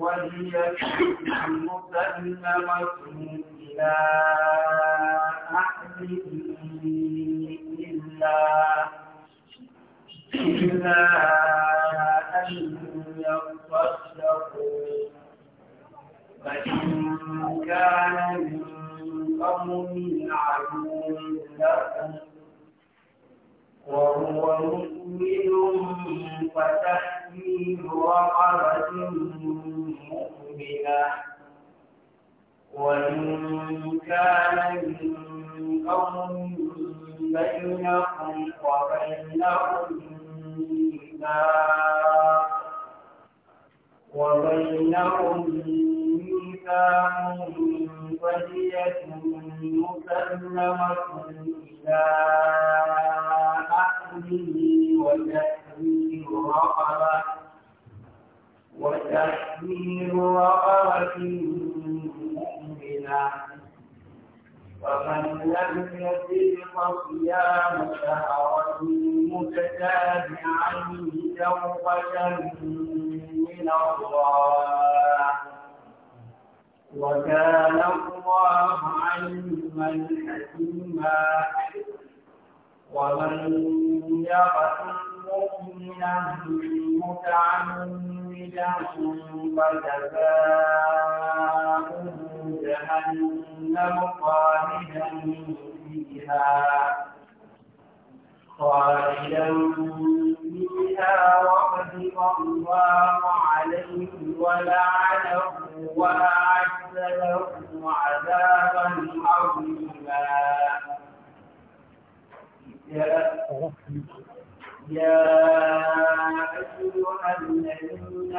وهي مسلمة إلى أهله إلا إلا أن يصدقوا فإن كان من قوم عدو لكم وهو مؤمن فتحميل رقبة مؤمنة وإن كان من قوم بينكم وبينهم ميثاق وبينهم ميثاق فدية مسلمة إلى وتحميل رأة مؤمنة ومن لم يزد فصيام شهرين متتابعين توبة من الله وكان الله عليما حكيما ومن يقتل مؤمنا متعمدا فجزاؤه جهنم خالدا فيها خالدا فيها وغضب الله عليه ولعنه وأعد له عذابا عظيما يا أيها الذين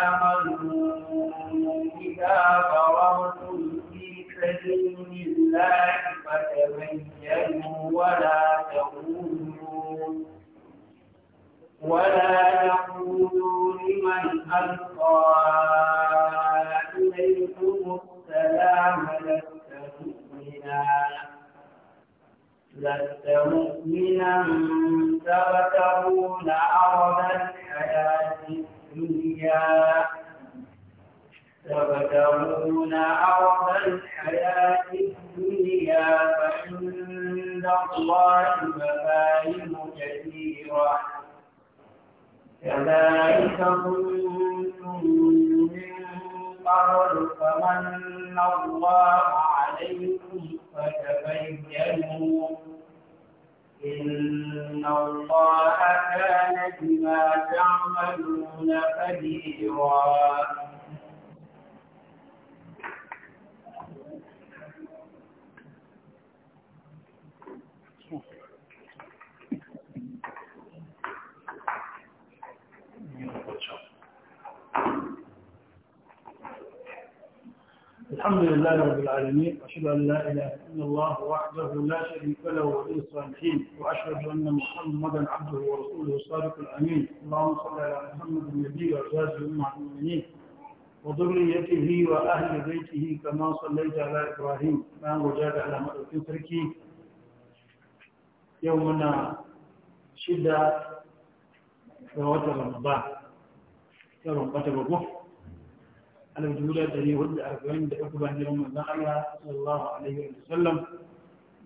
آمنوا إذا ضربتم في سبيل الله فتبينوا ولا تقولوا ولا تقولوا لمن ألقى إليكم السلام لست مؤمنا لست مؤمنا تبتغون عرض الحياة الدنيا تبتغون عرض الحياة الدنيا فعند الله مفاهيم كثيرة كذلك كنتم من قبل فمن الله عليكم فتبينوا إن الله كان بما تعملون خبيرا الحمد لله رب العالمين أشهد أن لا إله إلا الله وحده لا شريك له ولي الصالحين وأشهد أن محمدا عبده ورسوله الصادق الأمين اللهم صل على محمد النبي وأزواجه أم المؤمنين وذريته وأهل بيته كما صليت على إبراهيم ما وجاد على مدى تركي يومنا شدة فوات رمضان يوم قتل على الجملة الذي يرد أربعين دقيقة بعد يوم الزعماء صلى الله عليه وسلم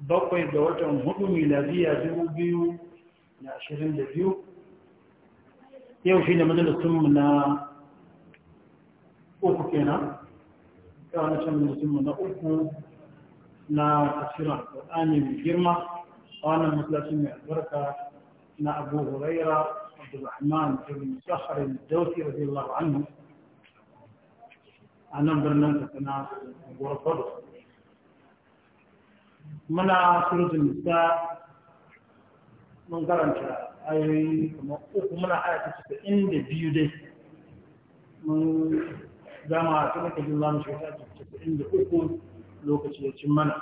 بقي دوات مهم إلى بيا جو بيو لعشرين دقيقة يوم شين مدل ثمنا أوكينا كان شين مدل أوكو نا تفسير القرآن من جرمة وانا مثلث من البركة نا أبو هريرة عبد الرحمن بن سخر الدوسي رضي الله عنه a nan birnin katsina unguwar kwado muna surutun nisa mun karanta ayoyi kuma uku muna ayyata cikin inda biyu dai mun gama ta muka jin zamu shiga ta casa'in inda uku lokaci ya cin mana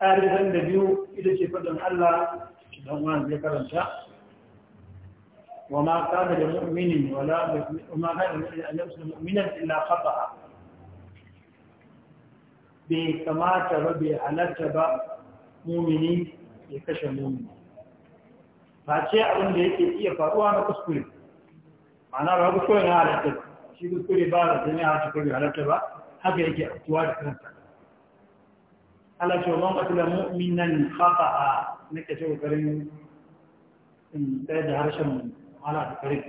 ayar da biyu ita ce faɗin allah dan wani zai karanta وما كان لمؤمن ولا وما كان ان الا خطا بكما ترد على جبا مؤمن يكشف مؤمن فاشي ابن دي يكي يا انا كسكري انا ربكو شو انا عليك شي كسكري بعد الدنيا تشكري على جبا هكا يجي اقوال كنت على شو لون قتل خطا نكشف كريم ان تاج هرشم مؤمن على فكره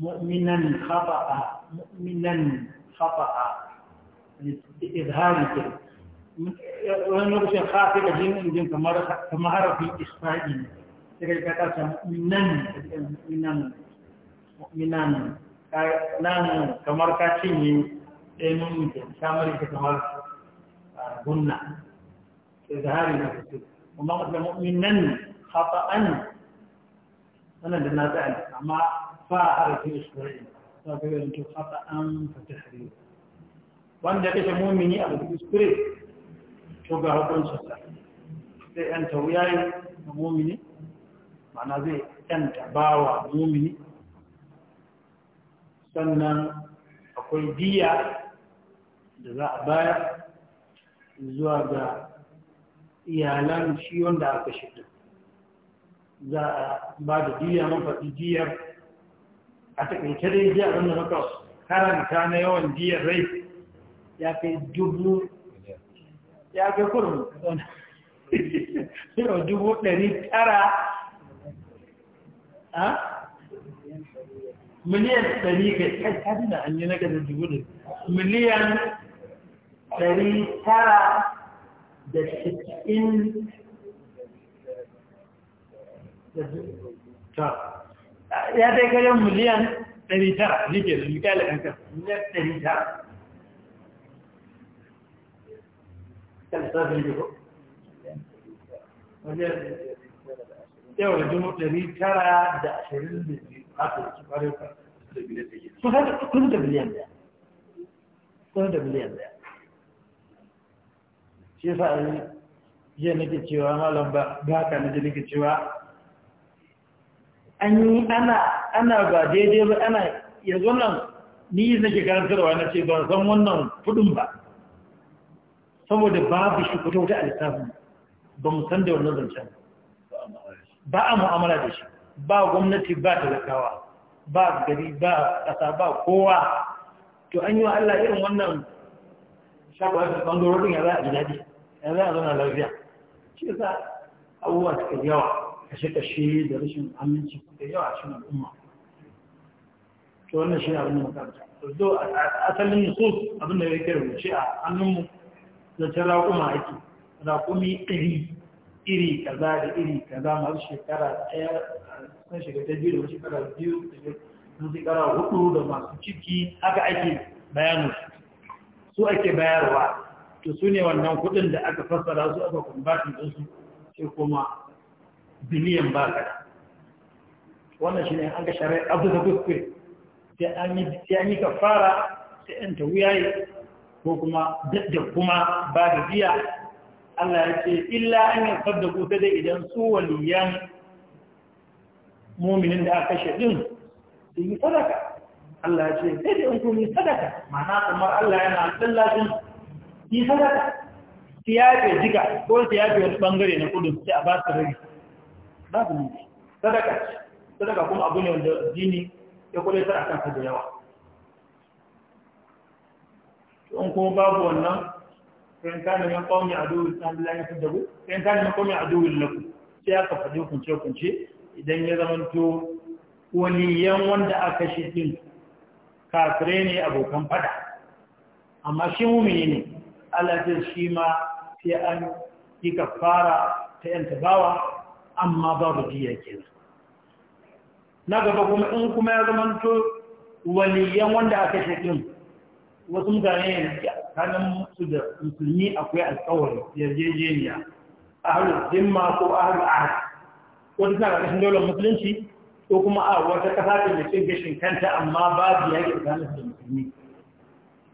مؤمنا خطا مؤمنا خطا اظهار ونقول شيخ خاطئ الدين ان دين تمهر في اخفائه تقول لك اتاك مؤمنا مؤمنا مؤمنا نعم تمهر كاتشيني اي مؤمن تمهر تمهر غنى اظهار وما قلت مؤمنا خطا wannan da na yi amma fa harfi isra'il ta ga yaron to fata an fata hari wanda ya kashe mumini a cikin spirit to ga hukuncin sa sai an tawuyayi ga mumini mana zai yan wa mumini sannan akwai biya da za a bayar zuwa ga iyalan shi wanda aka shidda za a ba da jiya mafaɗi jiyar a takaice dai jiya wanda muka karanta na yawan jiyar rai ya kai dubu ya kai kurin suna dubu ɗari tara a miliyan ɗari kai kai kaji na an yi na gada dubu ɗari miliyan ɗari tara da cikin ya dai karyar miliyan 900 ne ke da mikalin miliyan 900 kan sabi ne ko? wajen yau da jimu 920 haka su fara ka da miliyan da ke su haka kun da miliyan daya kun da miliyan daya shi yasa a yi nake cewa malam ba haka nake nake cewa an yi ana ana ba daidai ba ana yanzu nan ni nake karantarwa na ce ban san wannan kudin ba saboda babu shi kuta wuta a ba mu san da wannan zancen ba a mu'amala da shi ba gwamnati ba talakawa ba gari ba ƙasa ba kowa to an yi wa Allah irin wannan shakwai da ɓangarorin ya za a ji ya za a zauna lafiya shi a abubuwa suka yawa kashe-kashe da rashin aminci da yawa a cikin al'umma to wannan shi abin da makaranta to a asalin nusus abin da ya yake rubuce a hannunmu ta raƙuma ake raƙumi iri iri kaza da iri kaza masu shekara ɗaya sun shiga ta biyu da wasu shekara biyu da shekara hudu da masu ciki haka ake bayanu su ake bayarwa to su ne wannan kuɗin da aka fassara su aka kumbatin ɗinsu sai kuma biliyan ba ka da. wannan shi ne an ga shari'ar abu da kuskure sai an yi kafara sai an ta wuyaye ko kuma da kuma ba da biya Allah ya ce illa an yi sabda kusa da idan su waliyan mominin da aka shaɗin su yi sadaka Allah ya ce sai da in kun yi sadaka mana kamar Allah yana tsallashin yi sadaka siyafe jika ko siyafe wasu bangare na kudin sai a ba su rage babu ne sadaka sadaka kuma abu ne wanda addini ya kuletar a kansa da yawa in kuma babu wannan in kana min qawmi aduwwin ya la yafdabu in kana min qawmi aduwwin lakum sai ya aka faɗi kunce kunce idan ya zama zamanto waliyan wanda aka shi din kafire ne abokan fada amma shi mumini ne Allah zai shi ma sai an yi kafara ta yanta bawa amma babu diya kenan na gaba kuma in kuma ya zamanto waliyan wanda aka shakin wasu mutane da kanan su da musulmi akwai alkawari yarjejeniya ahalu zimma ko ahalu ahad wata suna ƙarƙashin daular musulunci ko kuma a wata ƙasa ta da cin gashin kanta amma babu yaƙi tsakanin su da musulmi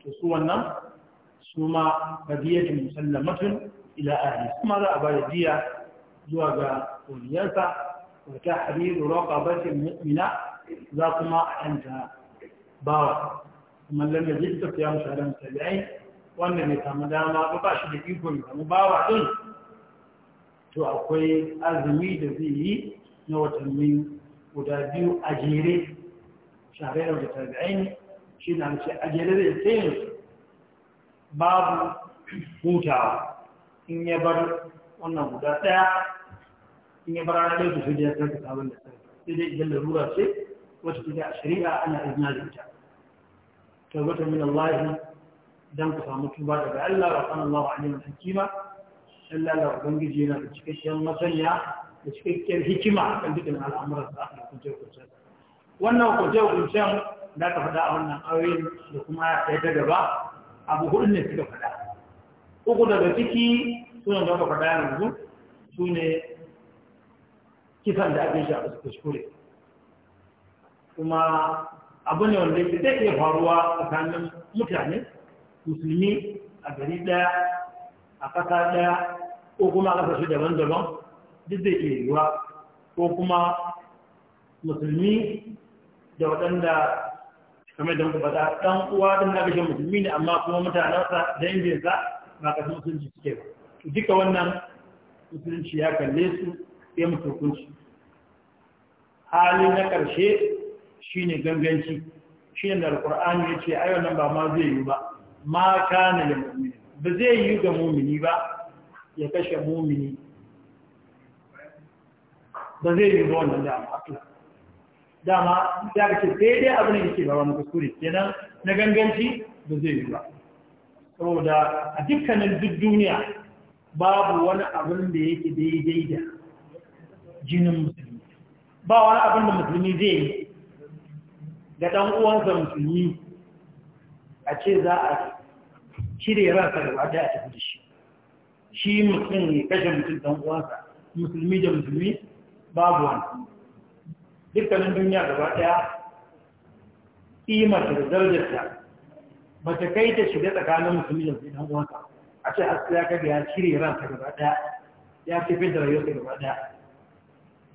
to su wannan su ma kadiyatun musallamatun ila ahli kuma za a ba da jiya zuwa ga kuliyarsa wa ta hariru raqabatin mu'mina za kuma a yanta bawa kuma lalle jidda ya musaran tabi'ai wanda ne samu dama ba shi da ikon samu bawa ɗin to akwai azumi da zai yi na watanni guda biyu a jere shahararra da tabi'ai ne shi na ce a jere zai tsaye babu hutawa in ya bar wannan guda ɗaya in ya bara da su shirya ta ka samu da sai sai dai idan larura ce wata take a shari'a ana izina da ita wata min Allah dan ka samu tuba daga Allah wa kana Allah alimun hakima Allah la ubangiji yana da cikakken masaniya da cikakken hikima kan dukkan al'amuran da aka kunce kunce wannan kunce kuncen da ka faɗa a wannan ayoyin da kuma ya ta gaba abu hudu ne suka faɗa uku daga ciki suna da aka faɗa yanzu su ne kisan da ake shi a kuskure kuma abu ne wanda ya zai iya faruwa tsakanin mutane musulmi a gari daya a ƙasa daya ko kuma a ƙasashe daban-daban duk da ke yiwuwa ko kuma musulmi da waɗanda kamar da muka faɗa ɗan uwa ɗan na gashin musulmi ne amma kuma mutanensa yanzu ba ƙasar musulunci suke ba duka wannan musulunci ya kalle su sai mu hukunci hali na ƙarshe shine ganganci shine da alqur'ani yace ayo nan ba ma zai yi ba ma kana lil mu'min ba zai yi ga mu'mini ba ya kashe mu'mini ba zai yi ba wannan da dama da ka ce sai dai abin da yake ba wani kuskure kenan na ganganci ba zai yi ba saboda a dukkanin duk duniya babu wani abin da yake daidai da jinin musulmi ba wani abin da musulmi zai yi ga ɗan uwansa musulmi a ce za a cire ransa da wata a tafi da shi shi mutum ne kashe mutum ɗan uwansa musulmi da musulmi babu wani dukkanin duniya gaba ɗaya ƙimar da zarjarta ba ta kai ta shiga tsakanin musulmi da musulmi ɗan uwansa a ce haske ya kaga ya cire ransa gaba ɗaya ya tafi fi da rayuwarsa gaba ɗaya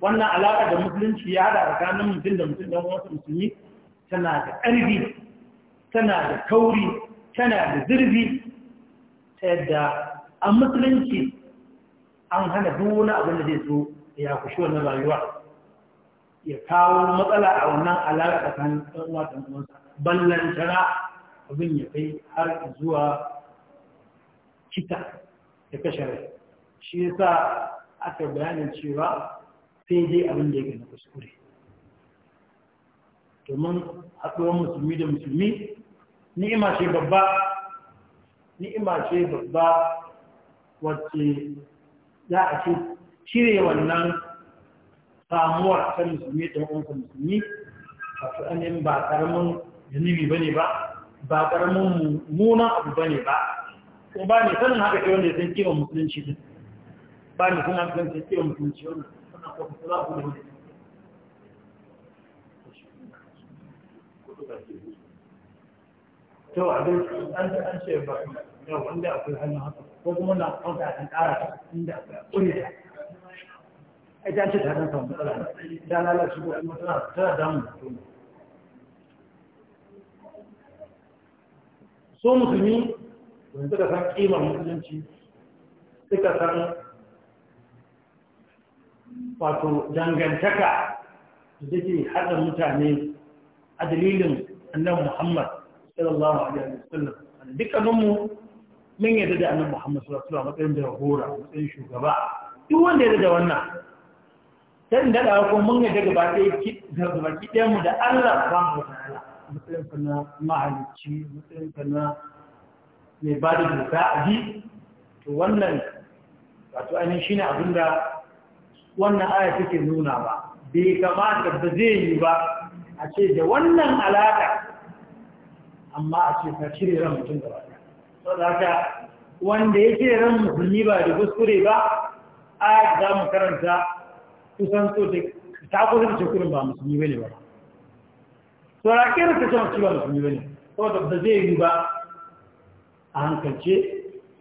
wannan alaƙa da musulunci ya haɗa tsakanin mutum da mutum don wasu musulmi tana da ƙarfi tana da kauri tana da zirbi ta yadda a musulunci an hana duk wani abin da zai so ya kushe wannan rayuwa ya kawo matsala a wannan alaƙa tsakanin ɗan uwa da Ballan ballantana abin ya kai har zuwa kita da kashe rai shi yasa aka bayanin cewa sai dai abin da yake na kuskure domin haɗuwar musulmi da musulmi ni'ima ce babba ni'ima ce babba wacce za a ce cire wannan samuwar ta musulmi da wanka musulmi a tsanin ba ƙaramin zunubi ba ne ba ba ƙaramin munan abu ba ne ba ko ba ne sanin haka ke wanda ya san kiwon musulunci ba ne sanin haka san kiwon musulunci wanda وخسراه من تو عدل أنت أنت شيء لو عندي أقول هل نهض وقم أن أقطع عن عارف عندي أقول أنت أنت هذا نظام لا لا لا شو المثلا ترى دم so musulmi wanda da san kimar musulunci suka san wato dangantaka da take haɗa mutane a dalilin annan Muhammad sallallahu alaihi wasallam dukkaninmu mun yadda da annan Muhammad sallallahu alaihi wasallam matsayin a matsayin shugaba duk wanda ya da wannan sai da dawo ko mun yadda gaba ɗaya ki gaba ki ɗaya mu da Allah subhanahu wataala matsayin ka na mahalicci matsayin ka na mai ba da doka a ji to wannan wato ainihin shine abinda wannan aya take nuna ba bai kamata ba zai yi ba a ce da wannan alaƙa amma a ce ta cire ran mutum da wata saboda haka wanda ya cire ran musulmi ba da kuskure ba a za mu karanta kusan so da ta kusa da cikin ba musulmi bane ba a kira ta ce mutum ba musulmi bane saboda ba zai yi ba a hankalce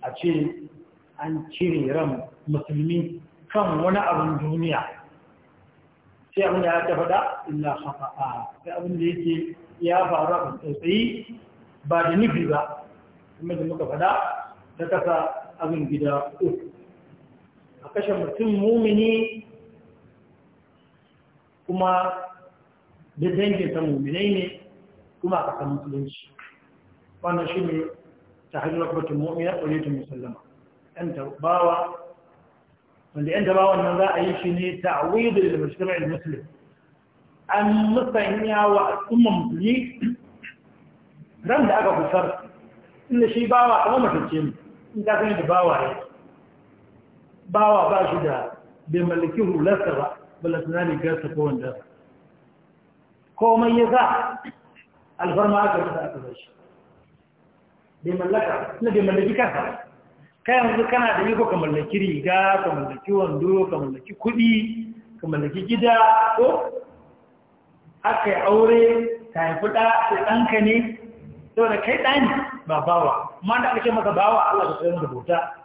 a ce an cire ran musulmi kan wani abin duniya sai abin da ya ta faɗa illa hafa'a sai abin da yake ya faru a tsotsayi ba da nufi ba kuma da muka faɗa ta kasa abin gida uku a kashe mutum mumini kuma da dangin ta muminai ne kuma a kasar musulunci wannan shi ne ta hajjar kwacin mummina ƙulitun musallama yan tarbawa wanda yan daba wannan za a yi shi ne ta ta'awidul da mashtarar muslim an musanya wa al'umman musulmi ran da aka kusar inda shi bawa kamar matacce ne in ka sani da bawa ya bawa ba shi da bai mallaki hulasta ba balasana ne gasa ko wanda komai ya za alfarma aka rasa aka zai shi bai mallaka na bai mallaki kansa kai yanzu kana da iko ka mallaki riga ka mallaki wando ka mallaki kuɗi ka mallaki gida ko aka yi aure ka haifi ɗa sai ɗanka ne da kai ɗani ba bawa ma da aka ce maka bawa Allah ka tsayin da bauta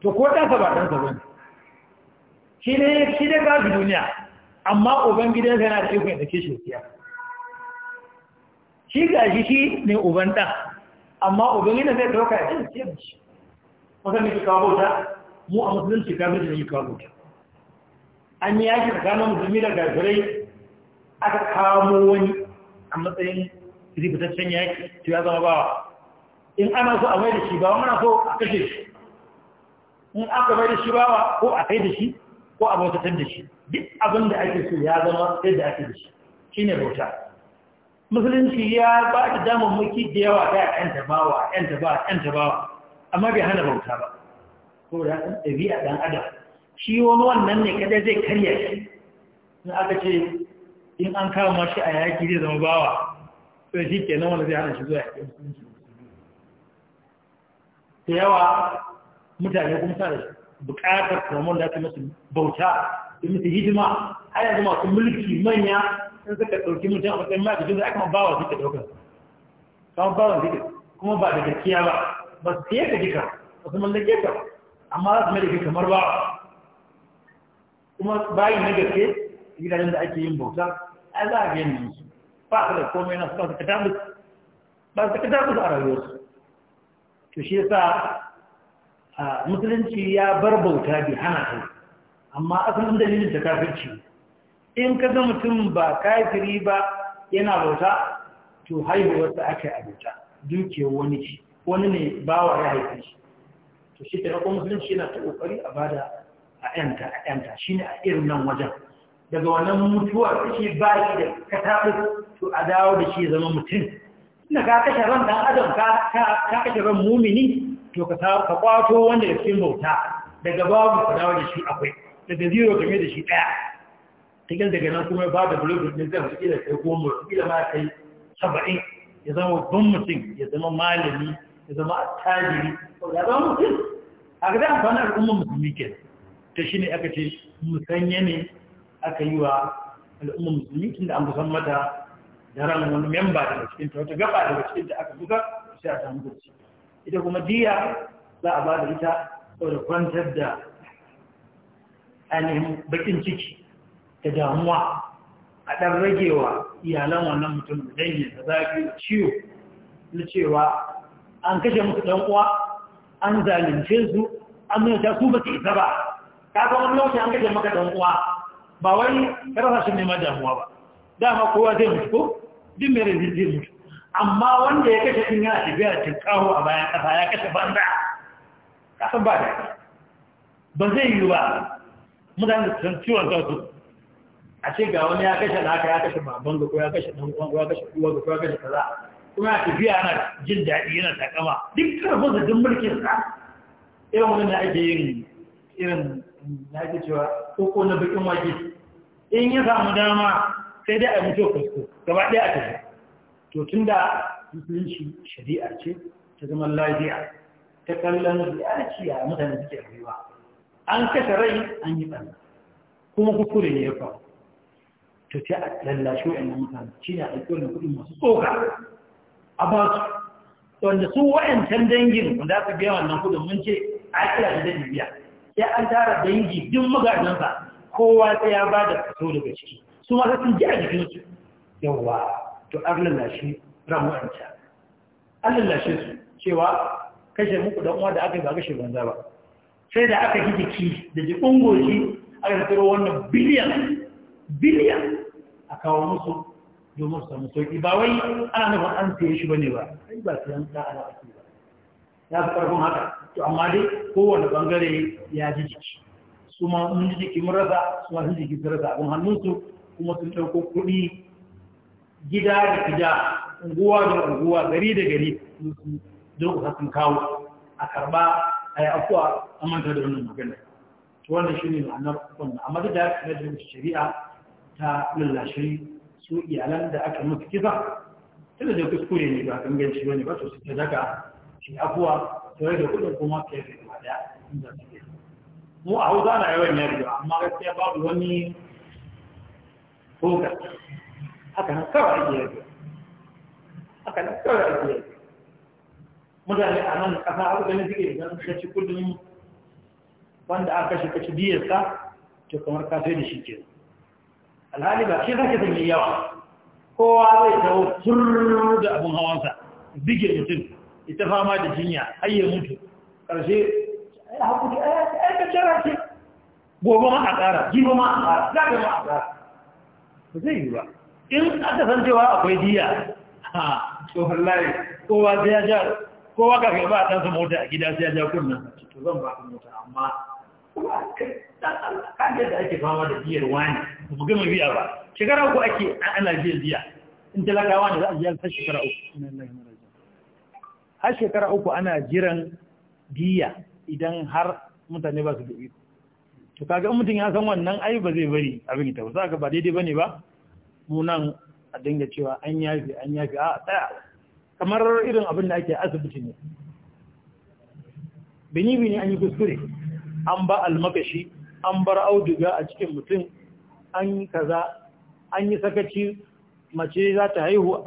to ko ɗansa ba ɗansa ba ne shi ne shi ne ba su duniya amma uban gidansa yana da iko ya dake shi shi ga shi ne uban ɗan amma uban gidansa sai ɗauka ya ce shi Wasannin ne kawo bauta mu a musulunci kafin da yi kawo bauta an yi yaki tsakanin musulmi da gafirai aka kamo wani a matsayin ributaccen yaki to ya zama bawa in ana so a mai da shi bawa mana so a kashe shi in aka mai da shi bawa ko a kai da shi ko a bautatan da shi duk abin da ake so ya zama sai da ake da shi shi ne bauta musulunci ya ba da damammaki da yawa ta yan tabawa yan tabawa yan tabawa amma bai hana bauta ba ko da ɗan ɗabi'a ɗan adam shi wani wannan ne kada zai karya shi in aka ce in an kawo shi a yaki zai zama bawa to shi ke nan wanda zai hana shi zuwa yaƙi musulunci da yawa mutane kuma sa da buƙatar kamar da ta musu bauta da musu hidima har yanzu masu mulki manya sun suka ɗauki mutum a matsayin ma'aikacin da aka ma bawa suke ɗaukar Kamar bawa suke kuma ba da gaskiya ba ba su siye ka jika ba su mallake ka amma za su mai da ke kamar ba kuma bayan na gaske gidajen da ake yin bauta a za a biyan yanzu ba su da komai na su ba su katabu ba su katabu a rayuwarsu to shi yasa musulunci ya bar bauta bi hana ta amma asalin dalilin ta kafirci in ka ga mutum ba kafiri ba yana bauta to haihuwarsa aka yi a bauta dukiyar wani ce wani ne bawa ya haife shi to shi ta rakon musulunci yana ta kokari a bada a yanta a yanta shi ne a irin nan wajen daga wannan mutuwa shi ba shi da katabu to a dawo da shi zama mutum na ka kashe ran ɗan adam ka kashe ran mumini to ka kwato wanda ya fi bauta daga babu ka dawo da shi akwai daga zero game da shi ɗaya. cikin daga nan kuma ba da bulogin din zan fi da kai goma ila ma kai saba'in ya zama babban mutum ya zama malami ya zama tajiri ko da zama mutum a ga fana al'umma musulmi ke ta shi ne aka ce musanya ne aka yi wa al'umma musulmi tunda an musan mata daren wani memba daga cikin ta wata gaba daga cikin ta aka buga sai a samu gurci ita kuma diya za a ba da ita da kwantar da ainihin bakin ciki da damuwa a ɗan ragewa iyalan wannan mutum da dangin da za a ciwo na cewa an kashe musu ɗan uwa an zalunce su an nuna ta su ba su isa ba ka ga wani lokacin an kashe maka ɗan uwa ba wai karasa shi neman damuwa ba dama kowa zai mutu ko duk mai rai zai mutu amma wanda ya kashe ɗin yana tafiya da kawo a bayan ƙasa ya kashe banza kasan ba da ba zai yi ba mutane da san ciwon kansu a ce ga wani ya kashe da haka ya kashe baban ga ko ya kashe ɗan uwan ko ya kashe uwa ga ko ya kashe kaza kuma ya tafiya na jin daɗi yana takama duk karfin da duk mulkin sa irin wani da ake yin irin da ake cewa koko na bikin wake in ya samu dama sai dai a mutu fusko gaba ɗaya a tafi to tun da musulunci shari'a ce ta zaman lafiya ta kallon ziyarci a mutane suke rayuwa an kashe rai an yi ɓanna kuma kukure ne ya faru to ta lallashi wa'annan mutane shi ne a ɗauki kuɗin masu tsoka a ba su wanda su wa'ancan dangin wanda aka biya wannan kudin mun ce a kira da zai biya sai an tara dangi duk magadansa kowa sai ya ba da kaso daga ciki su ma sun ji a jikinsu Yawa, to an lalashe ramu an lalashe su cewa kashe muku dan uwa da aka yi ba kashe banza ba sai da aka ji jiki da jikin aka tsiro wannan biliyan biliyan a kawo musu domin su samu sauki ba wai ana nufin an siye shi bane ba ai ba siyan da ala ake ba ya fi karfin haka to amma dai kowane bangare ya ji jiki su ma mun ji jiki mun rasa su ma sun jiki sun rasa abin hannunsu kuma sun ɗauko kuɗi gida da gida unguwa da unguwa gari da gari don kusa sun kawo a karɓa a yi afuwa a manta da wannan magana wannan shi ne ma'anar wannan amma da da shari'a ta lallashe su iyalan da aka mutu kisa tunda da kuskure ne ba ganci wani ba to suke daga shi afuwa su da kudin kuma ke da wada inda suke mu a hausa na yawan ya biyu amma gaskiya babu wani fokas haka nan kawai ake yabi haka nan kawai ake yabi mutane a nan kasa har ganin suke idan ka ci kudin wanda aka shi ka ci biyarsa to kamar ka sai da shi kenan alhali ba shi zaka sanya yawa kowa zai tawo tur da abun hawansa bige mutum ita fama da jinya har ya mutu karshe ai hakuri ai ka tsara ce gobe ma a ƙara, jibo ma a ƙara, zaka ma a ƙara. ba zai yi ba in aka san cewa akwai diya ha to wallahi kowa sai ya ja kowa kafin ba a tansa mota a gida sai ya ja kunnan to zan ba ka mota amma kan yadda ake fama da biyar wani ba gama biya ba shekara uku ake ana biyan biya in talakawa ne za a biya ta shekara uku har shekara uku ana jiran biya idan har mutane ba su da iko to kaga mutum ya san wannan ai ba zai bari abin ita ba za ka ba daidai bane ba mu nan a dinga cewa an yafi an yafi a tsaya kamar irin abin da ake asibiti ne bini bini an yi kuskure an ba almakashi an bar auduga a cikin mutum an kaza an yi sakaci mace za ta haihu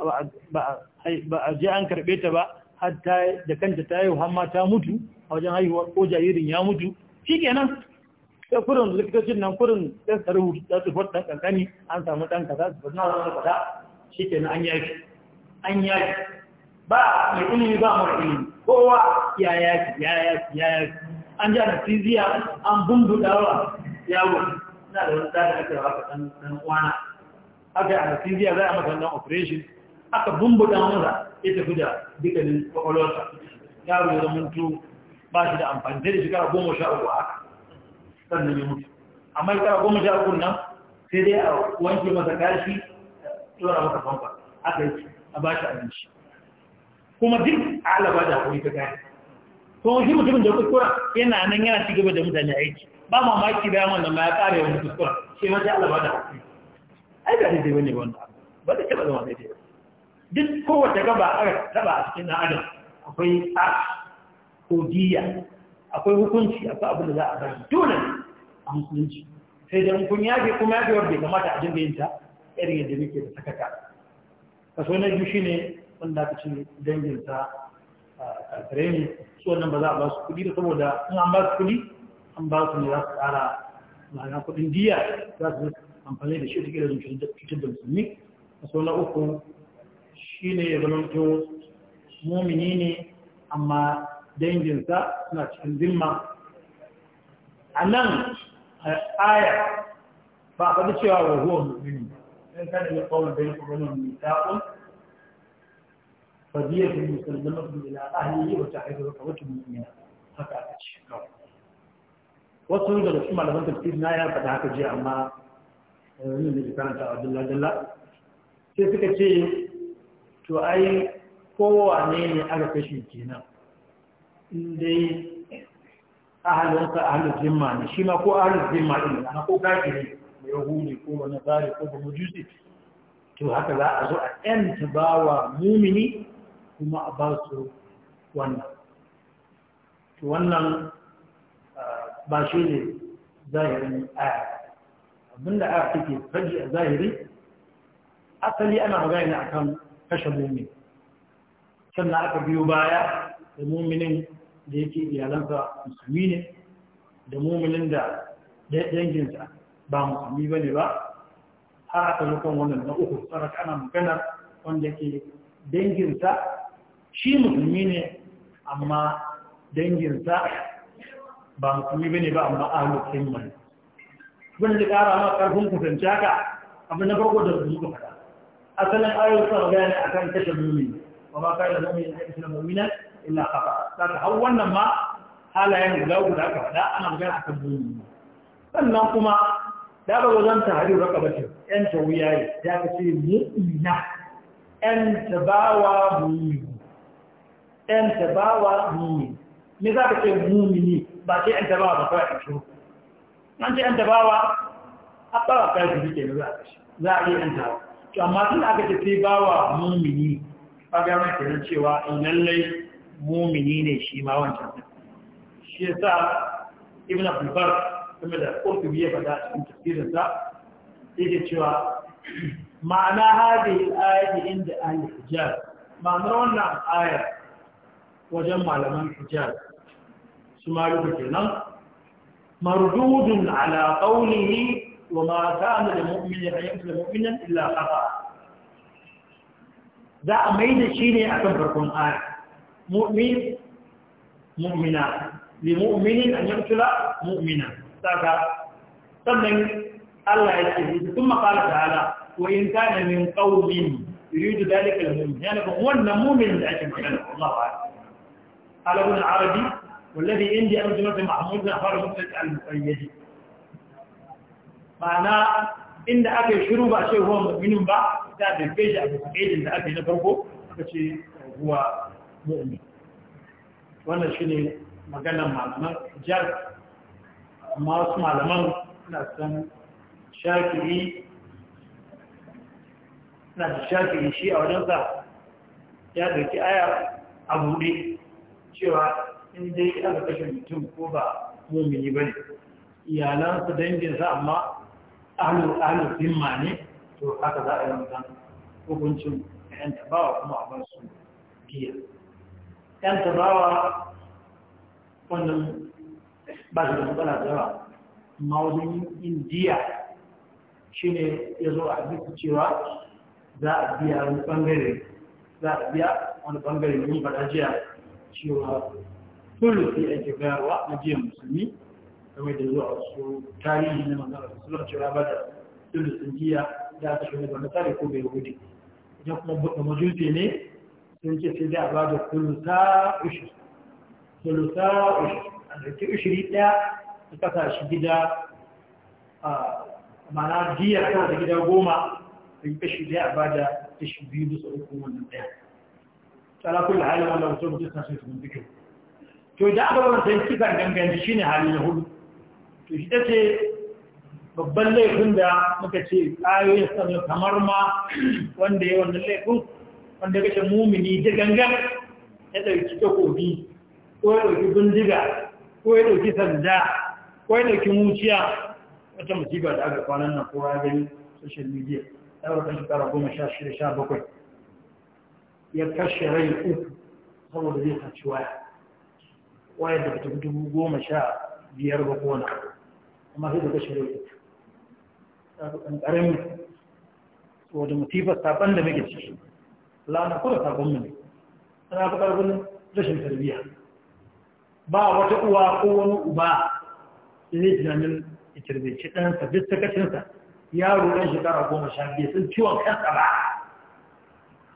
ba a je an karɓe ta ba ta da kanta ta haihu har ma ta mutu a wajen haihuwa ko jaririn ya mutu shi kenan sai kurin likitocin nan kurin sai ta rubuta su fata kankani an samu ɗan kaza su fata wani kaza shi kenan an yafi an yafi ba mai ilimi ba mara ilimi kowa ya yafi ya yafi ya yafi an da tiziya an bundudawa yawo na da wani da aka haka dan ɗan kwana aka a tiziya za a maka ɗan operation aka bumbuda ita guda tafi da dukkanin kwakwalwarsa yaro ya tu ba shi da amfani sai da shekara goma sha uku haka sannan ne mutu amma ka goma sha uku nan sai dai a wanke masa kashi tsora masa famfa aka yi a ba shi abinci kuma duk alaba da hakuri ta gani to shi mutumin da kuskura yana nan yana ci gaba da mutane aiki ba mamaki bayan wannan ma ya ƙara yawan kuskura shi ma sai Allah ba da haƙi ai ga dai bane wannan ba da kaba zama dai duk kowace gaba aka taɓa a cikin adam akwai a ko diya akwai hukunci akwai abin da za a bar dole a musulunci sai da kun yafe kuma yafe wanda ya kamata a dinga yin ta irin yadda muke da sakata kaso na biyu shine wanda aka ce danginsa kare su wannan ba za a ba su kuɗi da saboda in an ba su kuɗi an ba su ne za su ƙara ma'ana kuɗin diya za su amfani da shi da gidan cutar da musulmi a sau na uku shi ne ya zama to momini ne amma danginsa suna cikin zimma a nan aya ba a faɗi cewa wa zuwa musulmi in kada ya kawo da yankin wani misa'un fadiyar da musulman mafi ila ahliyi wata haihuwa ka wata mummina haka aka ce wasu daga cikin malaman tafsir na ya faɗa haka jiya amma yin da ke karanta a sai suka ce to ai kowane ne aka kashe kenan dai ahalinsa ahalin zimma ne shi ma ko ahalin zimma ɗin ana ko kaki ne mai yahudi ko wani tsari ko kuma jusi to haka za a zo a ɗan bawa mumini kuma a ba su wannan to wannan ba shi ne zahirin aya abinda aya take faɗi a zahiri asali ana magana ne kan kashe mumin sannan aka biyo baya da muminin da yake iyalansa musulmi ne da muminin da danginsa ba musulmi ba ne ba har aka kan wannan na uku tsaraka ana magana wanda ke danginsa shi musulmi ne amma danginsa ba musulmi ba ne ba amma ahalus himma ne wanda da ƙara ma ƙarfin kusanci haka abu na farko da zuwa faɗa asalin ayoyin sa gane a kan kashe mumin ba ma kai da mumin da kashe mumina illa kafa ta ta hau wannan ma halayen guda guda ka faɗa ana magana a kan sannan kuma da ba wajen tahari raka bace yan tawiya ya ka ce na? yan tabawa mumin ɗan tabawa mumini me za ka ce mumini ba ce ɗan tabawa ba kawai a shuru ce ɗan tabawa a ɓawa kayan su ke za to amma aka ce sai bawa mumini ba ga cewa eh, ne shi ma wancan ya sa kuma da ƙurtubi ya faɗa cikin tafsirinsa cewa ma'ana hadi al'ayati inda al-hijaz ma'anar wannan ayar wajen malaman hijab su ma maluku kenan mardudun ala qawlihi wa ma kana lil mu'mini hayyatu lil mu'minin illa khata za a mai da shi ne akan farkon aya mu'min mu'mina li mu'minin an yaqtula mu'mina saka sannan Allah ya ce kuma qala ta'ala wa in kana min qawmin yuridu dhalika lil mu'min yana wannan mu'min da ake magana Allah ba. قال ابن العربي والذي عندي أرجمة محمود نحر مطلق المقيد معنى إن أكي شروع بأشي هو مؤمن با كتاب الفيج أبو سعيد إن أكي نفرقه فشي هو مؤمن وانا شيني مجانا معلمان جر ما اسمع لمن نحسن شاكري نحسن شاكري شيء أو نفسه ya dauki ayar a buɗe cewa in dai aka kashe mutum ko ba mumini ba ne iyalansa danginsa amma alufin ma ne to haka za a yi mutan hukuncin ‘yan tabawa kuma a bar su biya ‘yan tabawa wannan ba su da matsala da yawa amma wajen indiya shi ne ya zo a hadisi cewa za a biya wani bangare za a biya wani bangare ne ba jiya cewa tulusi ake bayarwa na biyan musulmi kamar da zuwa su tarihi na manzara su suna cewa ba da tulusin jiya da aka shiga da nasara ko bai hudu idan kuma buɗe majusi ne sun ce sai dai a ba da tulusa ushi tulusa ushi a ɗauki ushiri ɗaya su kasa shi gida a mana jiya kawai da gida goma sun kashi ɗaya a ba da kashi biyu bisa uku wannan ɗaya tsara kula hali wanda mutum mutum sa sai su bikin to da aka bar kika gangan shi ne hali na hudu to shi tace babban laifin da muka ce ayoyin sanar kamar ma wanda ya wannan laifin wanda kashe mumini da gangan ya ɗauki takobi ko ya ɗauki bindiga ko ya ɗauki sanda ko ya ɗauki muciya wata musibar da aka kwanan nan kowa gani social media ɗaura kan shekara goma sha shida sha bakwai ya kashe rai uku saboda zai saci waya waya da ta dubu goma sha biyar ba kona amma sai da kashe rai uku ƙanƙarin wadda musibar saɓan da muke ciki lana kura saɓonmu ne ana fi ƙarfin rashin tarbiyya ba wata uwa ko wani uba zai tunanin ya tarbici ɗansa duk sakacinsa yaro ɗan shekara goma sha biyar sun ciwon kansa ba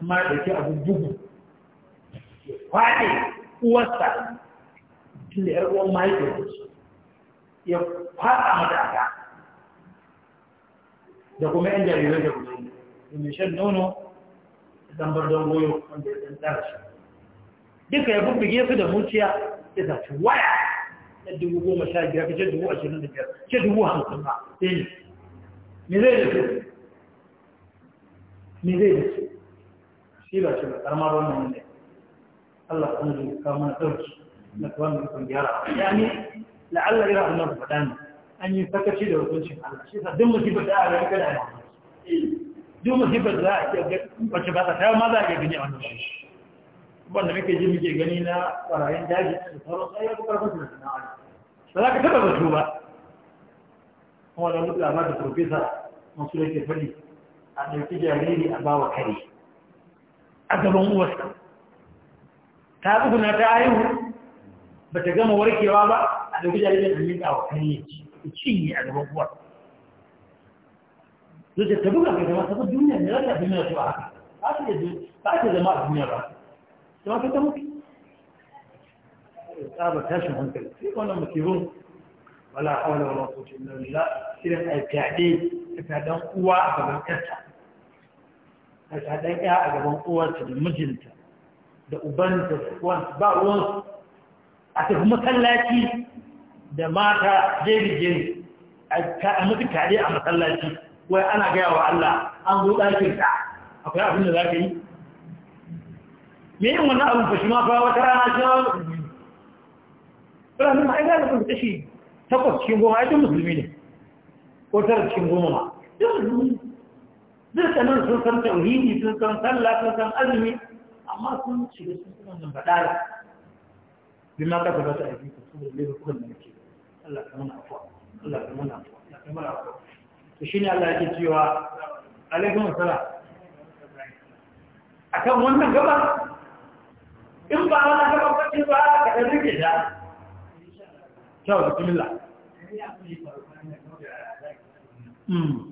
amma ya ɗauki abin bugu ya kwaɗe uwarsa tun da ‘yar uwan mahaifiyar ya kwaɗa mata aka da kuma ‘yan jarirai da kuma da mai shan nono da tambar don goyo wanda ya ɗan tsara shi duka ya bubbuge gefe da muciya ya zaci waya na dubu goma sha biyar ka ce dubu ashirin da biyar ce dubu hamsin ba sai ne me zai da su me zai da su shi ba shi ba karamar wannan ne Allah kuma zai kawo mana ɗauki na kawo mana kan gyara ya ne la'alla ira Allah ba faɗa ne an yi sakaci da hukuncin Allah shi sa duk musibar da aka kada a duk musibar da za a iya wacce ba ta tawa ma za a iya gani a wannan shi wanda muke ji muke gani na ɓarayin daji da sauran sai ya fi karfin su da sana'a ba za ka taɓa batu ba kuma da mutu labar da profesa masu da ke fadi a ɗauki jariri a bawa kare a gaban uwarsa ta tsuguna ta haihu ba ta gama warkewa ba a ɗauki jaririn hannun da awakan ya cinye a gaban uwar zuciya ta buga ka zama sabon duniya ne zata duniya su a haka ba ta zama a duniya ba ta ma ta mutu tsaba tashin hankali sai wannan musibin wala hawla wala quwwata illa billah idan ai fiade ta dan uwa a gaban ƙarta a shaɗan ya a gaban uwarta da mijinta da ubanta da uwansu ba uwansu a tafi masallaci da mata jeri-jeri a mutu tare a masallaci wai ana gaya wa Allah an zo ɗakin ta akwai abin da za ka yi me yin wannan abin fashi ma fa wata rana shi ma ranar ma'aikata da kuma tashi takwas cikin goma ya musulmi ne ko tara cikin goma ma nan sun san tauhidi sun san sallah sun san azumi amma sun shiga sun san wannan badala bi ma ka ta ta aiki ko da ne ko da ne Allah ka mana afuwa Allah ka mana afuwa Allah ka mana afuwa to shine Allah yake cewa alaikum assalam akan wannan gaba in ba wannan gaba ba ce ba ka da rike da to bismillah Mm.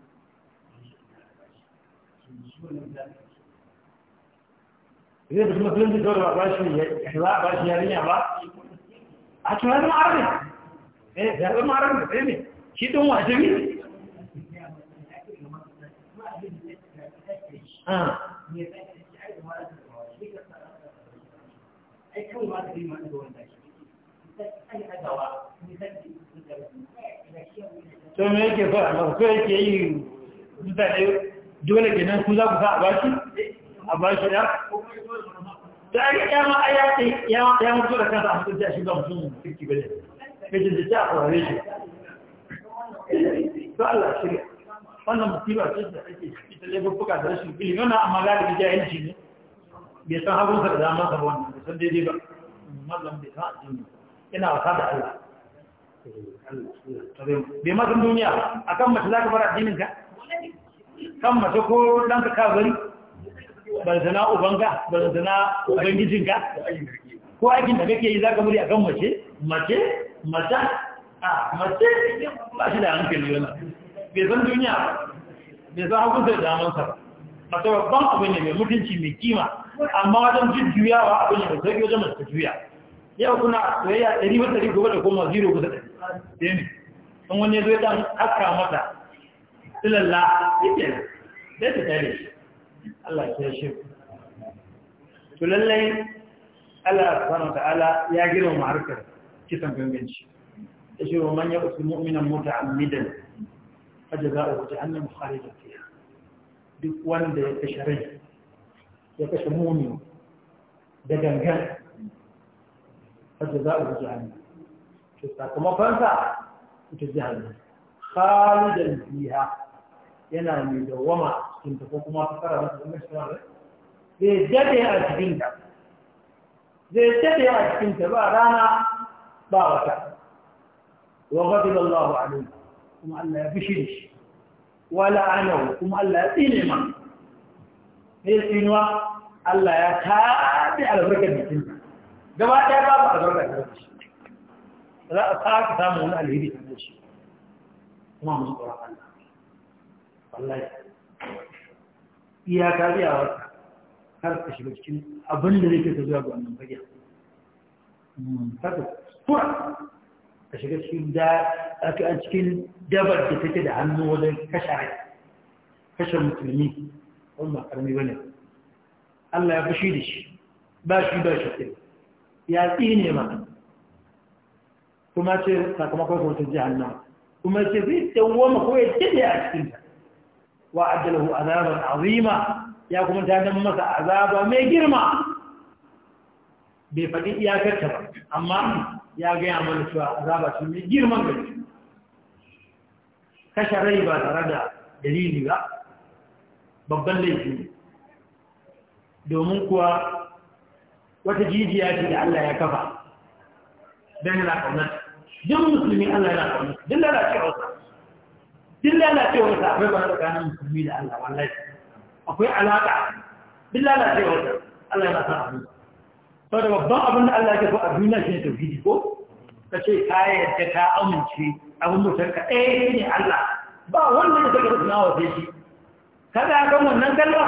zai tafi musulunci kawai ba ba shi ba ba shi ba a tunanin arabin eh zaɓen arabin da ne shi ah. yake fara ba dole kenan ku za ku sa a bashi a bashi ya ta yi yama a yaƙi yama da kansa a mutunci a shiga mutum kirki bane kajin da ta a kwarare shi to Allah shirya wannan musibar ce da ake ciki ta laifuka da rashin ilimi wannan amma galibi jahilci ne bai san hagunsa da damar sa wannan bai san daidai ba mallam bai san addini ina wasa da Allah bai ma duniya akan mace za ka bar addinin ka kan mace ko ɗanka ka bari zana ubanka zana ubangijinka ko aikin da kake yi za ka bari a kan mace mace mata a mace ba shi da hankali yana bai san duniya bai san hakun da damansa ba mace babban abin ne mai mutunci mai kima amma wajen jujjuyawa abin ne mai sauƙi wajen masu juya yau kuna soyayya ɗari wata ɗari ba da koma zero kusa da sai ne in wani ya zo ya ɗan aka mata silalla yake sai ta tare shi Allah ya shi to lallai Allah subhanahu ta'ala ya girma harkar kisan ganganci ya shi wa man ya usul mu'minan muta'ammidan fajza'uhu jahannam khalidan fiha duk wanda ya kashe rai ya kashe mu'min da gangan fajza'uhu jahannam to sakamakon sa ita jahannam khalidan fiha yana mai dawama a cikin ta ko kuma ta fara masa kuma shi rai zai dade a cikin ta zai dade a cikin ta ba rana ba wata wa ghadiba Allahu alaihi kuma Allah ya fishi shi wa la'anahu kuma Allah ya tsine ma ne tsinuwa Allah ya taɗe albarkar jikin sa gaba ɗaya babu albarkar da shi za a sake samun wani alheri a shi kuma musu tsoron Allah wallahi iya a wata kar ka shiga cikin abin da zai ke ka zuwa ga wannan fage hmm, kada tura ka shiga cikin da a cikin dabar da take da hannu wajen kashe rai kashe musulmi wannan karmi bane Allah ya fushi da shi ba shi ba shi kai ya tsine ma kuma ce sakamakon hoton jihannama kuma ce zai dawo ma ko ya tsaye a cikin ta wa ajalahu azaban azima ya kuma ta dan masa azaba mai girma bai faɗi iyakarta ba amma ya gaya mana cewa azaba su mai girman gari kashe rai ba tare da dalili ba babban laifi domin kuwa wata jijiya ce da Allah ya kafa don yana ƙaunar jin musulmi Allah yana ƙaunar jin lalacewarsa duk lalacewar ta akwai ba tsakanin musulmi da Allah wallahi akwai alaƙa duk lalacewar ta Allah yana san abin saboda babban abin da Allah ya so a duniya shi ne tauhidi ko ka ce ka yadda ka amince abin mutar ka ɗaya ne Allah ba wanda ya saka rufina wa sai shi kada ka kan wannan kalma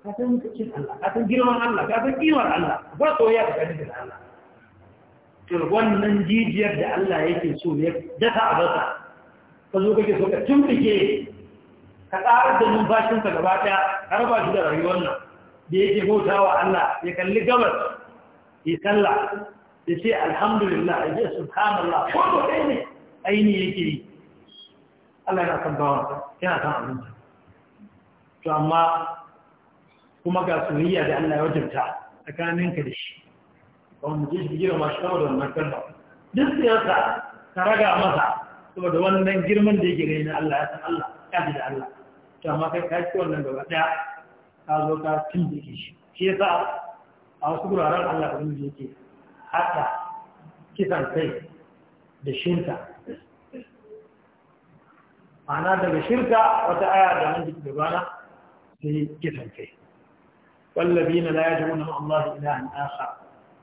ka san mutuncin Allah ka san girman Allah ka san kimar Allah ba soyayya ka gani da Allah to wannan jijiyar da Allah yake so ya dasa a basa ka zo kake so ka tumfike ka ƙarar da numfashinka gaba ɗaya har ba shi da rayuwar nan da yake bauta wa Allah ya kalli gabas ya kalla ya ce alhamdulillah ya ce subhanallah ko da ɗaya ne aini yake yi Allah yana kan bawa yana kan abinci to amma kuma ga soyayya da Allah ya wajabta tsakaninka da shi ba mu je shi gira mashi kawo da wannan kallon duk siyasa ka raga masa da wannan girman da yake gani na Allah ya san Allah ya ji da Allah to amma kai ka ci wannan gaba ɗaya, ka zo ka tun da ke shi shi yasa a wasu guraren Allah ɗin da yake haɗa kisan kai da shirka ma'ana daga shirka wata aya da mun jiki na sai kisan kai والذين لا يدعون مع الله إلها آخر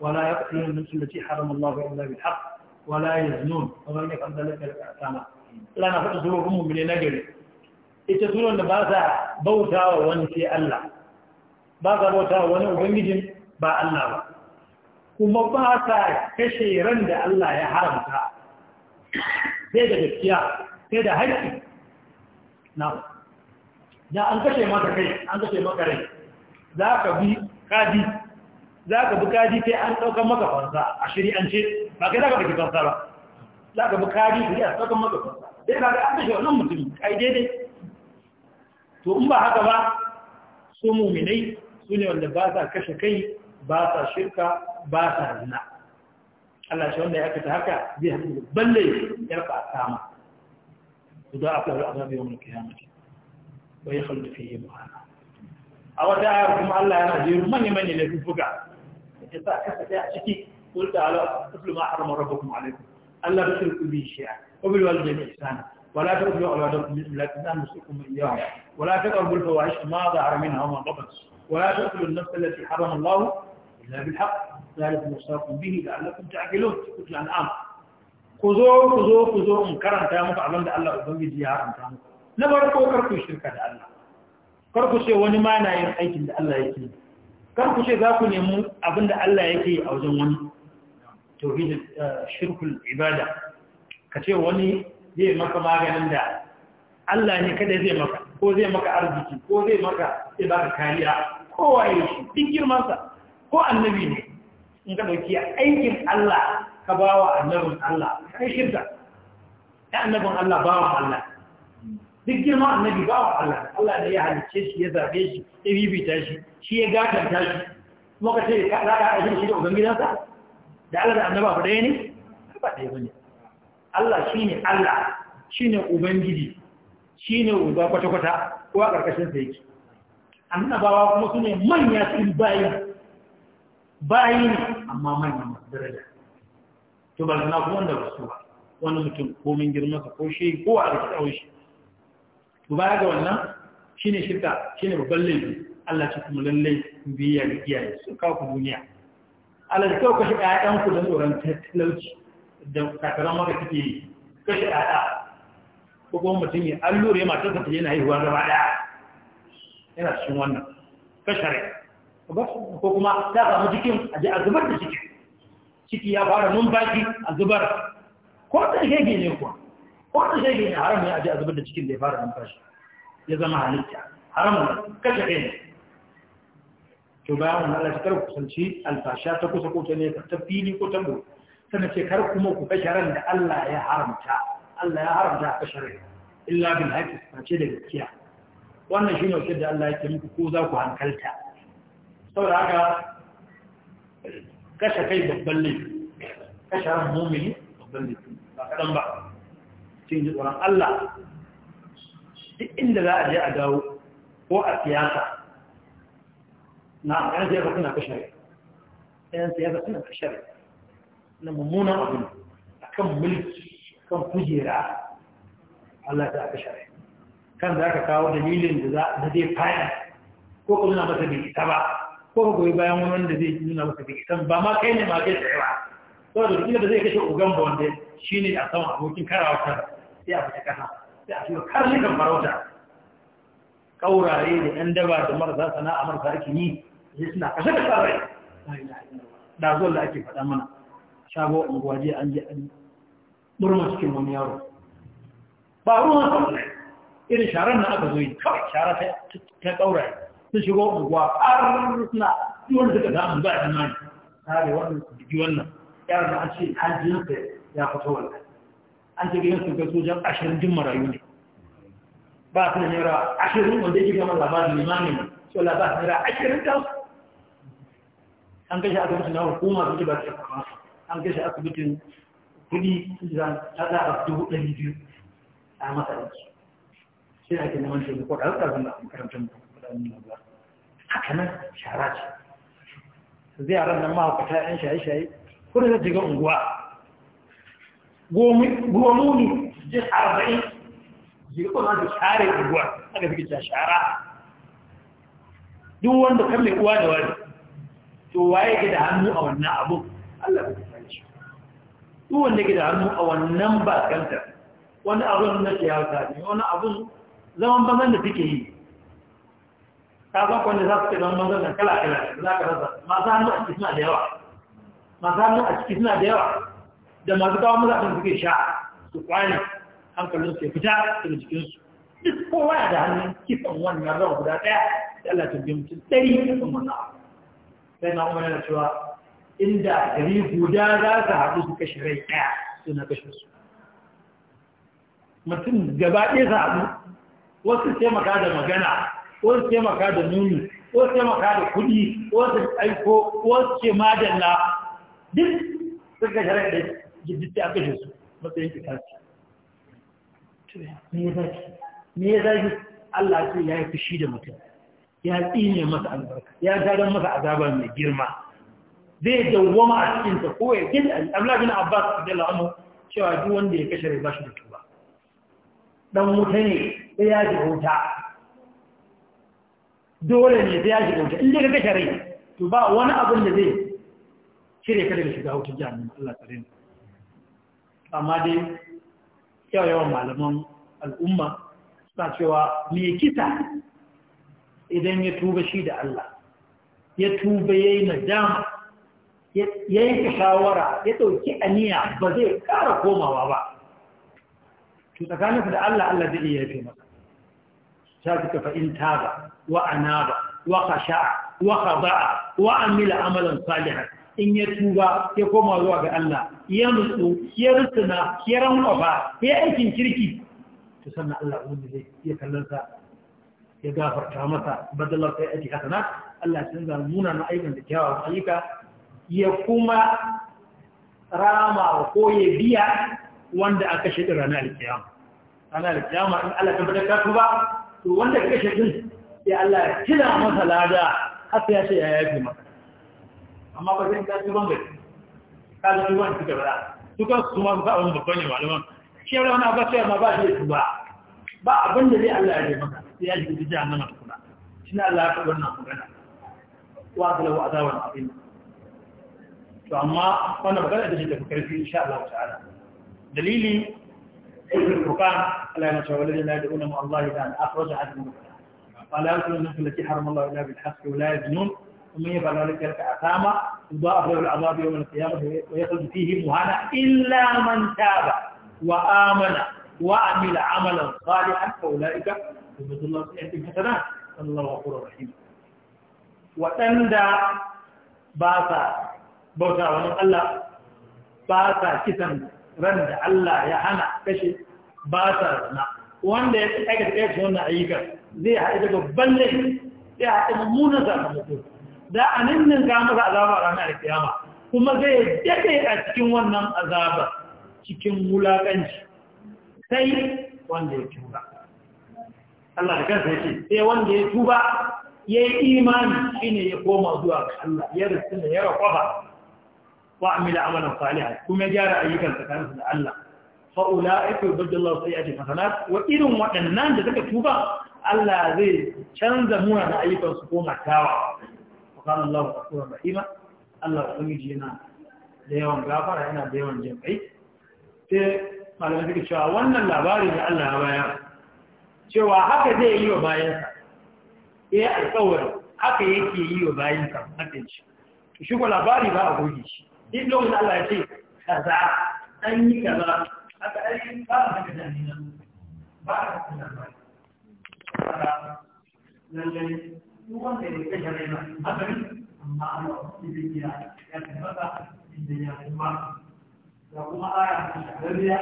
ولا يقتلون النفس التي حرم الله إلا بالحق wala yaznun kamar ne kan dalilin sama Allah na faɗa surorin mummune na gari ita suron da ba sa bautawa wani sai Allah ba sa bautawa wani ubangijin ba Allah ba kuma ba sa kashe ran da Allah ya haramta sai da gaskiya sai da haƙƙi na ya an kashe mata kai an kashe makarai. za ka bi kadi za ka bukaji sai an ɗaukar maka fansa a shiri'ance ba kai za ka baki fansa ba za ka bukaji sai an ɗaukar maka fansa sai ka ga an tashi wannan mutum kai daidai to in ba haka ba su muminai su ne wanda ba sa kashe kai ba sa shirka ba sa zina Allah shi wanda ya fita haka zai haɗu balle ya fa a sama aka yi azabi yau mulki ya mace bai halda fiye muhana a wata ayar kuma Allah yana jeru manya-manya laifuffuka ya sa kasa ta ciki قل ما حرم ربكم عليكم ألا تشركوا به شيئا وبالوالدين إحسانا ولا تقتلوا أولادكم من أملاك أن نسلكم إياهم ولا تقربوا الفواحش ما ظهر منها وما بطن ولا تقتلوا النفس التي حرم الله إلا بالحق ذلك وصاكم به لعلكم تعقلون قلت الأنعام خذوا خذوا خذوا انكرا تامك عبد الله وبنجي يا حرم تامك na farko karku shirka da Allah karku ce wani ma na yin aikin da Allah yake kar ku ce za ku nemi abinda Allah yake a wajen wani tauhidin eh, shirkul ibada ka ce wani zai maka maganin da Allah ne kada zai maka ko zai maka arziki ko zai maka zai baka kariya Ko waye shi duk girmansa ko annabi ne in ka dauki aikin Allah ka bawa annabin Allah kai shirka ya annabin Allah bawa Allah duk girma annabi ba wa Allah Allah ne ya halicce shi ya zabe shi ya bibita shi shi ya ta shi kuma ka ce ka da ka shi da ubangidansa da Allah da annaba ba ɗaya ne ba ɗaya bane Allah shine Allah shine ubangiji shine uba kwata kwata ko a karkashin sa yake annabawa kuma sune manya su bayi bayi ne amma manya masu daraja to ba na kuma wanda ba su ba wani mutum ko girma ka ko shi ko a rikin shi baya ga wannan shine shirka shine babban laifi Allah ce kuma lalle biya ga iyaye su kawo ku duniya Allah da kawo kashe ƴaƴan ku don tsoron talauci da kakaran maka kike yi kashe ƴaƴa ko kuma mutum ya allure matar ta yana haihuwa gaba ɗaya yana cikin wannan kashe rai ko kuma ta samu cikin a ji a zubar da cikin ciki ya fara numfashi a zubar ko ta yake ne kuwa wata shege ne haram ne a a zubar da cikin da ya fara numfashi ya zama halitta haram ne kashe ɗaya ne to bayan wannan Allah kar ku kusanci alfasha ta kusa ko ta ne ta fili ko ta mu sannan ce kar kuma ku kashe ran da Allah ya haramta Allah ya haramta kashe ran illa bil haqq ce da gaskiya wannan shine wace da Allah ke muku ko za ku hankalta saboda haka kashe kai babban laifi kashe ran mu'mini babban laifi ba kadan ba cikin ji tsoron Allah duk inda za a je a dawo ko a siyasa na yan siyasa suna kashari yan siyasa suna kashare na mummunan abin a kan mulki kan kujera Allah ta kashari kan za ka kawo dalilin da za a zai fayar ko ka nuna masa bai ita ba ko ka goyi bayan wani wanda zai nuna masa bai ita ba ma kai ne ma kai tsaye ba da duk da zai kashe ugan ba wanda shi ne a saman abokin karawa kansa sai a fita kasa sai a shiga karnukan farauta ƙaurare da ‘yan daba da marasa sana'a marasa ake yi ya suna kashe da tsarai da zuwan da ake faɗa mana shago unguwa je an je an murma cikin wani yaro ba ruwan samunai irin sharan na aka zo yi kawai shara ta ƙaurare sun shigo unguwa har suna yiwuwar suka damu ba a yi mani tare wannan su wannan yaron da an ce hajjinsa ya fito wannan an ta gina sun sojan ashirin jin marayu ne ba su da nera ashirin wanda yake gama labarin limanin ne so la ba su naira ashirin ta an kashe asibitin na hukuma su ji ba su kama an kashe asibitin kudi sun ji za a zaɓa dubu ɗari biyu a masa shi sai ake neman taimako da alƙar zan da makarantar mutane na ba haka nan shara ce zai ran nan mahaukata 'yan shaye-shaye ko da zai jiga unguwa gomuni jin arba'in jiri kuma da share unguwa aka fi ta shara duk wanda kan mai uwa da wani to waye ke da hannu a wannan abu Allah ba ta sani shi duk wanda ke da hannu a wannan ba kanta wani abun na ke yawata ne wani abun zaman banzan da suke yi ta za ku za su ke zaman banzan da kala-kala za ka rasa masu hannu a cikin da yawa hannu a ciki suna da yawa da masu kawo mazaɗin suke sha su kwane hankalin su ya fita daga jikinsu duk kowa ya da hannun kisan wannan rawa guda ɗaya da Allah ta biyu mutum ɗari da sun maza. sai na umar yana cewa inda gari guda za su haɗu su kashe rai ɗaya na kashe su mutum gaba ɗaya za haɗu wasu taimaka da magana wasu taimaka da nuni wasu taimaka da kuɗi wasu aiko wasu ce madalla duk suka shari'a ɗaya jirgin sai aka shi su matsayin ki kafi me ya zaki me ya zaki Allah ce ya yi fushi da mutum ya tsine masa albarka ya gadon masa azaba mai girma zai dawwama a cikin ta ko ya gidi Abdullah bin Abbas da anhu cewa duk wanda ya kashe rai bashi da tuba dan wuta ne sai ya ji wuta dole ne sai ya ji wuta in ka kashe rai to ba wani abin da zai cire ka daga shiga wutar jami'in Allah tsare mu amma dai yawan malaman al'umma suna cewa mai kita idan ya tuba shi da Allah ya tuba ya yi nadama ya yi shawara ya ɗauki aniya ba zai ƙara komawa ba to tsakaninsa da Allah Allah zai iya yafe masa ta suka fa'in taba wa anaba wa kasha'a wa kaza'a wa amila amalan salihan in ya tuba ya koma zuwa ga Allah ya nutsu ya rusuna ya rankwaba ya aikin kirki Ta sannan Allah wanda zai iya kallonsa sa ya gafarta masa badalar sai aiki hasana Allah sun ga muna na aikin da kyawawan ayyuka ya kuma rama ko ya biya wanda aka shaɗi ranar alkiyama ranar alkiyama in Allah tabbatar ka ba. to wanda ka shaɗin ya Allah ya kira masa lada har ya ce ya yafe masa amma ba zai gasu ban gari ka zai wani suka fara suka su ma ba wani babban yawa da wani shi yau wani abu sai ma ba shi ya tuba ba abin da zai Allah ya yi maka sai ya ji gudu jihar nama tukuna shi na Allah ya faɗi wannan magana wa ta lawa azawa na abin to amma wannan magana da shi tafi karfi insha Allah ta'ala dalili القرآن ألا نشاء والذين لا يدعون مع الله إذا أخرج عدم قال لا يدخلون التي حرم الله إلا بالحق ولا يزنون أمية بلال كلك أثاما وضاعه العذاب يوم القيامة ويخلد فيه مهانا إلا من تاب وآمن وعمل عملا صالحا فأولئك هم الله سيأتي بحسنا صلى الله عليه وسلم وتندى باسا بوتا ومن الله باسا كتن رند الله يحنى كشي باسا رنا وان ده اكتب ايه جون عيكا ليه هايدك بلن ليه هايدك مونة زمان مطلوب da a nan ga masa azaba ranar kiyama kuma zai dade a cikin wannan azaba cikin wulaƙanci, sai wanda ya tuba Allah da kansa ce sai wanda ya tuba yayi imani shine ya koma zuwa ga Allah ya da ya rakwaba wa amila amalan salihan kuma ya gyara ayyukan tsakaninsa da Allah fa ulaika ya ce hasanat wa irin waɗannan da suka tuba Allah zai canza muna da ayyukan su koma tawa Allah wa ghafurur rahima Allah ubangiji yana da yawan gafara yana da yawan jinkai Te, malamai suke cewa wannan labarin da Allah ya bayar cewa haka zai yi wa bayansa eh alƙawarin haka yake yi wa bayansa haka shi shi ko labari ba a goge shi duk lokacin Allah ya ce kaza an yi kaza haka ai ba a haka da ni ba a haka da ni wanda bai kai gare ba hakan amma ana ya ya kuma da kuma aya ta shahararriya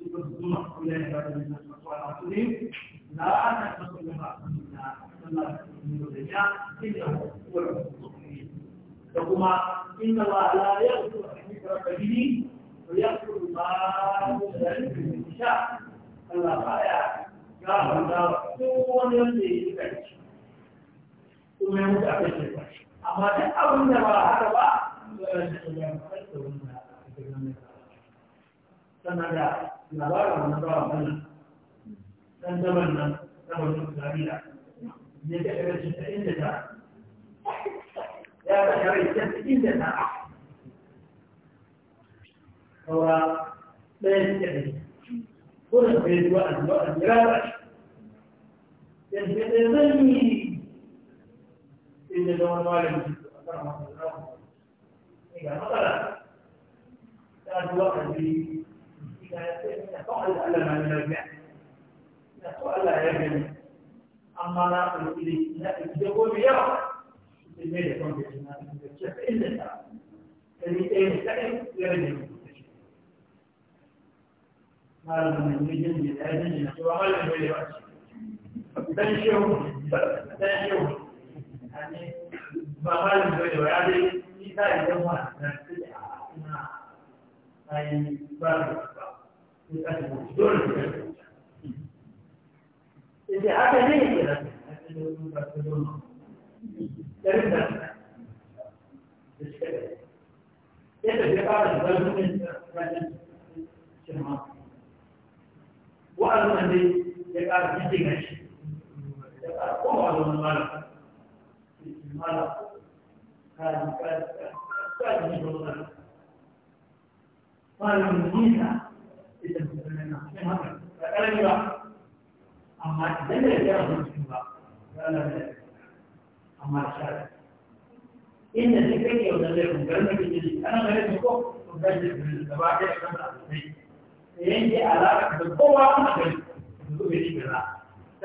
suka zuma kula da ba da nisa su a ini la ana ya inda kuma da ini adalah ba la ya kuma da kabiri yang ya kuma ba da insha Allah ba ya ga wanda kuma ya mutu a kan shirka amma duk abin da ba haka ba sannan da labarin wani bawa wannan, dan zaman nan na wani islamiyya ne ta ƙarfi ta inda ta ya ta ƙarfi ta inda ta kawa ɗaya suke da ko da bai zuwa a zuwa a jira ba yanzu ɗaya zan yi inda zaman malami a kan masu zafi إذا مثلا كان واحد في سؤال على ما يرجع سؤال لا يرجع أما لا إلي لا يجيبوا بيا الميل يكون في الجنة كيف إلا اللي تين سعيد يرجع هذا من يجن يتعلم يسوع غير الميل يرجع تنشيهم تنشيهم ba ba da mai da wani ni ta yi zama a na su da ina ayi ba da ba ni ka ta mutu dole ne sai haka ne ke da ɗarin da yadda ya fara da zarfin ranar shirma wa'azin da ya ƙara cikin gashi ya ƙara kowa zuwa malam mala kaji kaji kaji malamin nisa ita musulmi na cikin haka da ƙarfi ba amma idan da ya fi ba ya lalata amma sha inda sai kai yau da zai kungar da ke jiri ana da yake ko kungar da ke gaba ɗaya kan da alai yanke alaƙa da kowa a gari da zuwa yi gara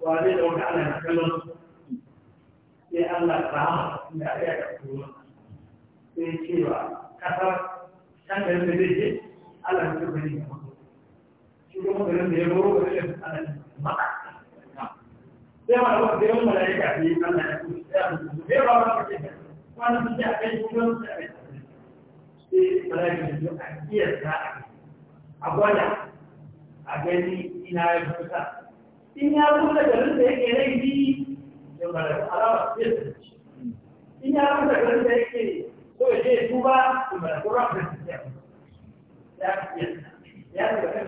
wane da wata ana kallon sai Allah ta da ya ga kuma sai cewa kasar can da yadda zai je Allah ta bari ya mutu shi kuma garin ya baro da shi Allah ta maka sai ma wata yawan malaika ne Allah ya kuma sai a mutu sai ba ma kake da wani su a kai kuma su a kai sai malaika ne a kiyasta a gwada a gani ina ya fi kusa in ya kusa garin da yake laifi da mara alama zai tsanci in ya kusa garin da yake so ya je tuba da kura da ya ya ga kan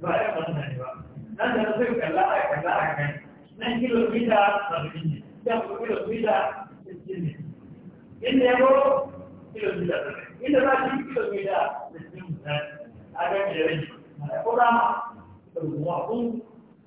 ba ya ne ba nan da sai a kalla nan kilomita 70 ne kilomita 60 ne go kilomita 70 inda kilomita 60 a ga da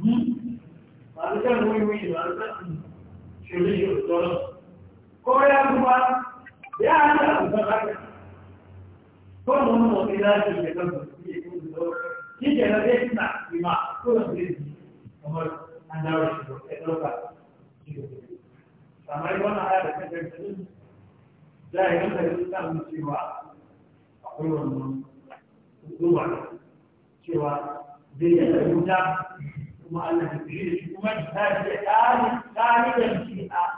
ba su kan wuyi ba su kan shirye-shirye tsoron ko ya kuma ya hana a kusan haka ko mun motsi za su yi kan su yi kuma zo shi ke na zai suna kima ko da su yi kamar an dawo shi ko ya ɗauka shi ko kamar da a yi mun cewa akwai ba, zai kuma Allah ya tsere shi kuma ta ce ƙari ƙari da shi a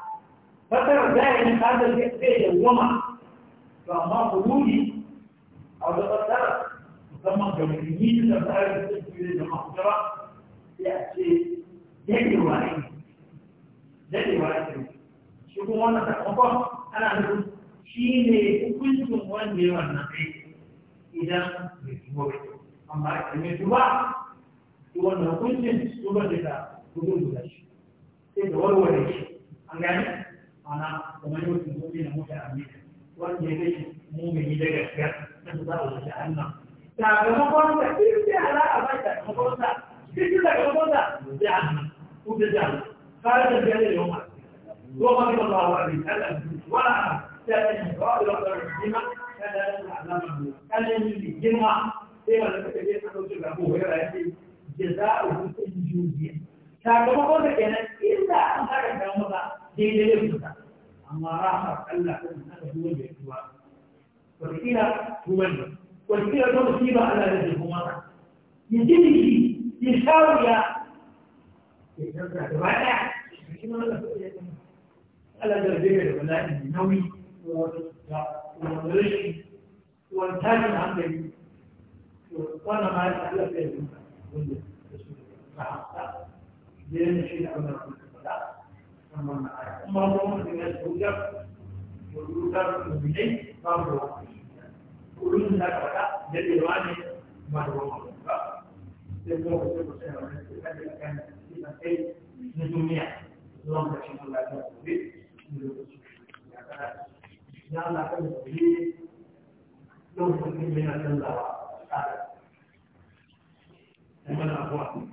fasar zai ta da zai tsaye da goma to amma ku ruri a wata fasar musamman ga mutumi da ta tsare da ta tsere da masu gaba sai a ce daɗe wani daɗe wani shi kuma wannan sakamakon ana nufin shi ne hukuncin wanda ya wannan kai idan bai tuwo amma a ƙarfi tuwa duk wannan hukuncin zubar da ta gudun da shi sai da warware shi an gane ana kamar yau sun zo na mota a mita wanda ya kai mumini da gaskiya na su za a wuce annan sakamakon da duk da ala a bai sakamakon da duk da sakamakon da da annan ku da da kare da biyar da yau ma ko ma kuma ba wa abin Allah wala da ne ba da wata rima kada da alama kallon girma sai ma da kake da kauce da ko ya rayu sakamakon da kenan inda an haranta maza daidai ya fita amma rahar Allah ta nuna da duwan da ya tuwa wakila tuwan ne wakila ta musiba Allah da zai kuma ya ji ki, ya sha wuya ya canza gaba ɗaya shi ma Allah da iya kuma Allah da zai da bala'i mai nauyi ko wani rashi wani tashin hankali wannan ma ya Allah da iya kuma wanda ta su da yana shi da amma kuma da fada amma na ayi kuma kuma da ne buja buja da ne ba ruwa kullun da fada da ne ruwa ne ba ruwa ba sai kuma ko sai ruwa ne sai da kan shi da kai ne dunya don da shi da lafiya da ne ne da shi ya fara ya na kan da shi don kuma ne na kan da ba a da kuma na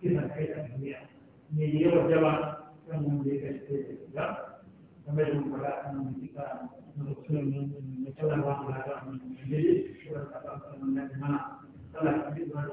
kisan kai a duniya me ya wajaba kan wanda ya kashe kai da shiga game da mukwala a nan mutuka na mutum na tsawarwa a da ya yi shi wani tsakamakon